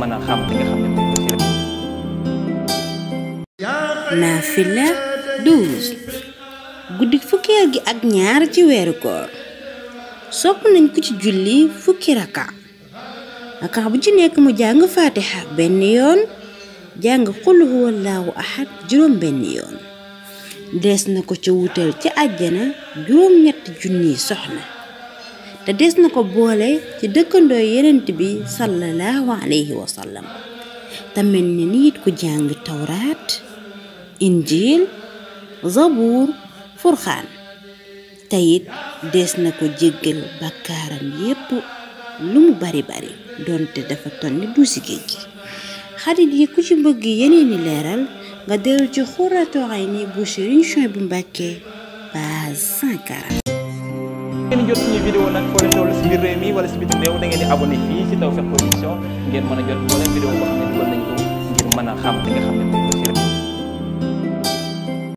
mën a xam li guddi fukkeel gi ak ñaar ci weeru koor sopp nañ ko ci julli fukki raka raka bu ci nekk mu jàng faatiha benn yoon jàng xul huwallaahu ahad juróom benn yoon dees na ko ca wutal ca àjjana juróom ñetti junniy soxna te des na ko boole ci dëkkandoo yenent bi sallallahu alayhi wa sallam ni nit ku jàng tawraat injil zabuur furxaan te it des na ko jéggal bakkaaram yépp lu mu bari bari doonte dafa tonni duusi géej xarit yi ku ci bëgg yeneeni leeral nga dellu ci Xurratu Ayni bu Sëriñ Suhaybu Mbàkke page 140 ngeen wala ngeen di abonné fii si ne xam